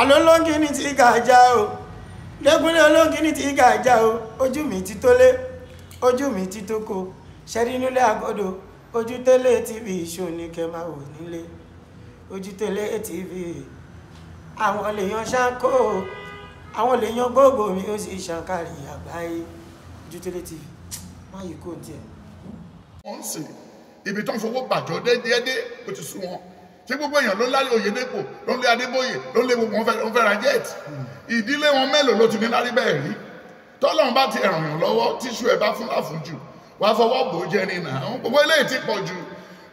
àlọ́ lọ́ngì ní ti gàjà o lẹ́kúnlé olóngì ní ti gàjà o ojú mi ti tólé ojú mi ti tóko ṣẹ́rí nílé àgọ́dọ̀ ojú télé tv ìṣòní kẹma wò nílé ojú télé tv àwọn lèèyàn ṣáńkó àwọn lèèyàn gbogbo mi ó sì ṣàǹkàrì àgbáyé ojú télé tv má yìí kò tiẹ̀. wọ́n sì ibi tó ń fowó bàjọ́ déédéé ó ti sú wọn ṣé gbogbo èèyàn ló ń lárí Oyèdèpò ló ń lé Adébóyè ló ń lé gbogbo wọn fẹ́ ra jet ìdílé wọn mélòó ló ti ní lárí bẹ́ẹ̀ rí tọ́lọ́run bá ti ràn yàn lọ́wọ́ tíṣù ẹ̀ bá fún láfúnjù wàá fọwọ́ bò ó jẹ́ ní nà án gbogbo eléyìí ti pọ̀ jù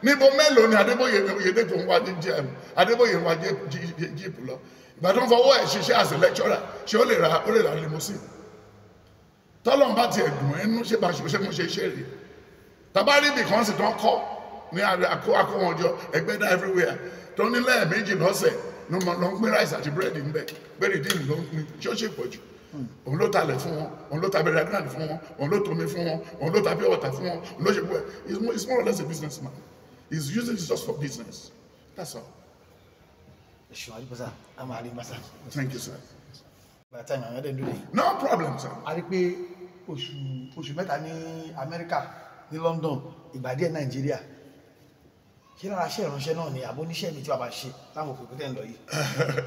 níbo mélòó ni Adébóyè Oyèdèpò ń wá jẹun Adébóyè ń wá jíìpù lọ Ìbàdàn fọwọ́ ẹ̀ ṣiṣẹ́ as a lecturer ṣé ó lè ra ó lè ra limousine tọ́lọ́run bá ti ẹ̀dùn ẹnu ṣe bá ṣe mo ṣe ṣe rè tàbá rí ibì kan sì tán kọ́ ní àkó àkó wọn jọ ẹgbẹ́ dá everywhere tó ní lẹ́ẹ̀mejì lọ́sẹ̀ ló mọ ló ń pín rice àti búrẹ́dì ń bẹ̀ bẹ́ẹ̀rẹ̀ dín ló ń pín tí ó ṣe pọ̀ jù òun ló talẹ̀ fún wọn òun ló ta bẹ̀rẹ̀ grand fún wọn òun ló tomi fún wọn òun ló ta pure water fún wọn òun ló ṣe pọ̀ he's more or less a business man he's using this just for business that's all. Sure, Alibasa. I'm Alibasa. Thank you, sir. By the time I'm ready to do it. No problem, sir. A rí pé oṣù oṣù mẹ́ta ní Amẹ́ríkà ní London ìgbà díẹ̀ Nàìjíríà ṣé lára ṣe ìránṣẹ́ náà ni àbó oníṣẹ́ mi tí wàá bá ṣe láwọn òkú tẹ̀ ń lọ yìí.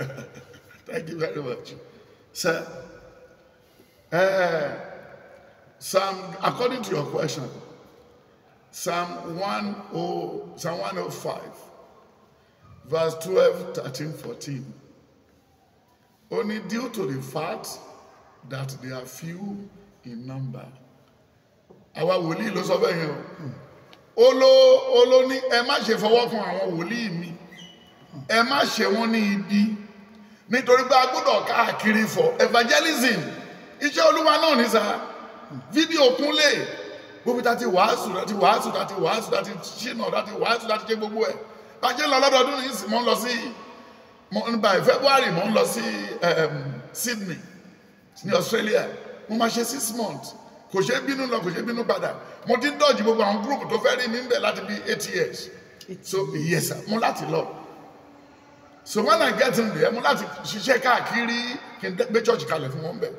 thank you very much sir uh, Psalm according to your question Psalm one oh Psalm one oh five verse twelve thirteen fourteen only due to the fact that they are few in number àwa wòlíì ló sọ bẹ́ẹ̀ yẹn o olo olo ní ẹ má ṣe fọwọ́ kan àwọn wòlíì mi ẹ má ṣe wọ́n ní ibi nítorí pé a gbọ́dọ̀ káàkiri fọ evangelism iṣẹ́ olúwa náà ní sáà fídíò kúnlẹ̀ gbogbo tá ti wàásù tá ti wàásù tá ti wàásù tá ti ṣìnà tá ti wàásù tá ti ṣe gbogbo ẹ̀ bàjẹ́ lọ lọ́dọọdún ní ìsìn mọ́ ń lọ sí by February mọ́ ń lọ sí ehm, Sydney ní Australia mo máa ṣe six months kò ṣe é bínú lọ kò ṣe é bínú padà mo ti ń dọ̀jì gbogbo àwọn gúrùpù tó fẹ́ rí mi ń bẹ̀ láti bí eight years so yes sir mo láti lọ so when i get in there mo láti ṣiṣẹ́ káàkiri kí n gbé church kalẹ̀ fún wọn bẹ̀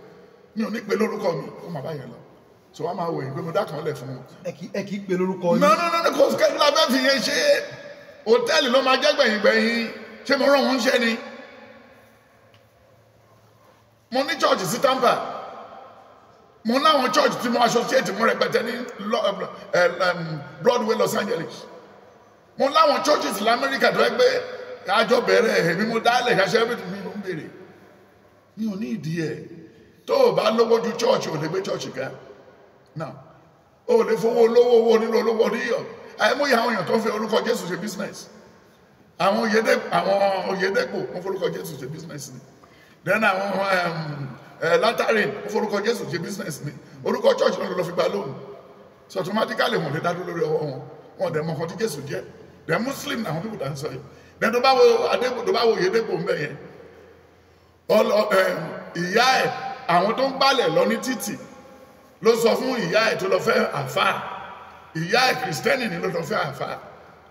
mi ò ní pe lórúkọ mi kó má bá yẹn lọ so wọn máa wò yín pé mo dákan lẹ̀ fún wọn. ẹ kì í pe lórúkọ yín. no. nọ́nà kò sí kẹ́kẹ́ lábẹ́ fi yẹn ṣe hòtẹ́ẹ̀lì ló máa jẹ́ gbẹ̀yìn gbẹ̀yìn ṣé mo rán òun ṣẹ́ church sí Tampa mo láwọn church tí mo associate mo rẹpẹtẹ ní eh, eh, um, Broadway Los Angeles mo láwọn churches lamẹ́ríkà tó ẹ gbé àjọ bẹ̀rẹ̀ èmi mo dálẹ̀ ṣaṣẹ́ everything mi ló ń béèrè mi ò ní ìdí ẹ̀ tó o bá lówó ju church ò lè gbé church ga now o lè fowó olówó owó nílò olówó oníyọ àìmọye àwọn èèyàn tó ń fi orúkọ Jésù ṣe business àwọn Oyèdèpọ̀ àwọn Oyèdèpọ̀ wọn forúkọ Jésù ṣe business ni then àwọn um, Eh, lantarin ó forúkọ jésù ṣe business ni orúkọ church náà lọ fi gba lóhùn so automatically wọn lè dádúró lórí ọwọ́ wọn wọn dẹ̀ mọ̀ kan tí jésù jẹ́ dẹ̀ muslim náà wọn bí bùdá ń sọ yìí dẹ̀ tó bá wo adégbò tó bá wo yédégbò ń bẹ̀ yẹn eh, ìyá ẹ̀ àwọn tó ń gbálẹ̀ lọ ní títì ló sọ fún ìyá ẹ̀ tó lọ fẹ́ àfáà ìyá ẹ̀ kìrìsìtẹ́nì ni ló lọ fẹ́ àfáà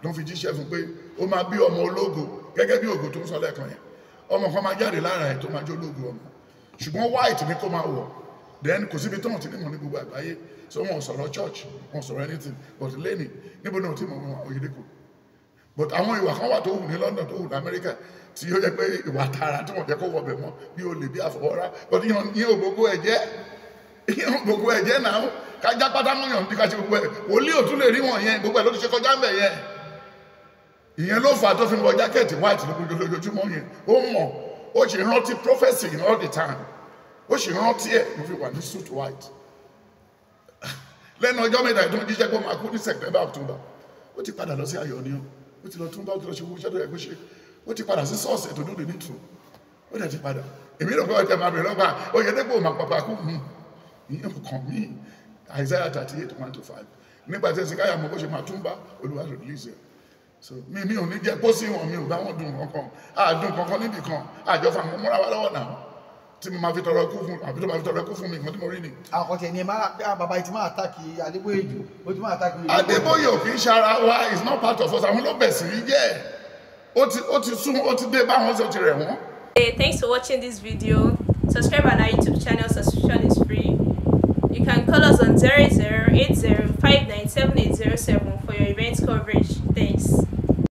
ló fi jíṣẹ́ fún pé ó máa bí ọmọ ológo gẹ́gẹ́ bí ògo tó ń sọ lẹ́ẹ̀kan yẹn ọmọ kan máa jáde lára ẹ̀ tó máa jó ológo ọmọ ṣùgbọ́n white ni kó máa wọ̀ then kò síbi tóun ti ní wọn ní gbogbo àgbáyé so wọn sọ̀rọ̀ church wọn sọ̀rọ̀ anything but lẹ́nì níbo náà ti mọ̀ wọn Oyèdèpọ̀ but àwọn ìwà kan wà tó wù ní London tó wù ní America tí ó jẹ́ pé ìwà tààrà tí wọ́n jẹ́ kó wọ̀ bẹ̀ mọ́ bí olè bí àfọwọ́rá but yíyan ní ògbógbó ẹ̀jẹ̀ yíyan gbogbo ẹ̀jẹ̀ náà kájá pátámúyàn bí ká ṣe gbogbo ẹ̀ wòlíì òtún lè rí wọn yẹn gbogbo ẹ̀ ló ti ṣe kọjá ń bẹ̀ yẹn ìyẹn ló fà tó fi wọ jákẹ́ẹ̀tì white lójoojúmọ́ yẹn ó mọ̀ ó sì rántí prophecy all the time ó sì rántí ẹ̀ mo fi wà ní suit white lẹ́nu ọjọ́ mẹ́ta ìdún jíjẹ́ pé máa kú ní september october ó ti padà lọ sí ayọ̀ ni ó ó ti lọ tún bá ó ti lọ ṣe owó iṣẹ́ tó yẹ kó ṣe ó ti padà sí sọ́ọ̀sì ètò dúdú nítù ó dẹ̀ ti padà èmi lọ́gbà ọjà máa bẹ̀rẹ̀ lọ́gbà oyè dẹ́gbò máa pàpà kú hmm. ìyẹn kàn mí isaiah thirty eight one to five nígbà tí ẹ̀sìn káyà mọ́ bó ṣe máa tún bá olúwa rẹ̀ release so mi mi ò ní jẹ́ pósí wọn mi ò bá wọn dùn kankan àdùn kankan níbì kan àjọ fàmù múra wa lọ́wọ́ náà tí mo máa fi tọrọ ikú fún àbí tó máa fi tọrọ ikú fún mi nǹkan tí mo rí ni. àkọsẹ̀ ni bàbá yìí ti máa tàkì Adébóyè jù ó ti máa tàkì. Adébóyè ò fi ṣara wa is not part of us àwọn ló bẹ̀ sí jẹ́ ó ti sún ó ti dé báwọn ṣe ti rẹ̀ wọ́n. Hey, thanks for watching this video. Subscribe on our YouTube channel. Subscription is free. You can call us on zero zero zero zero eight eight five nine seven seven for your event coverage. Thanks.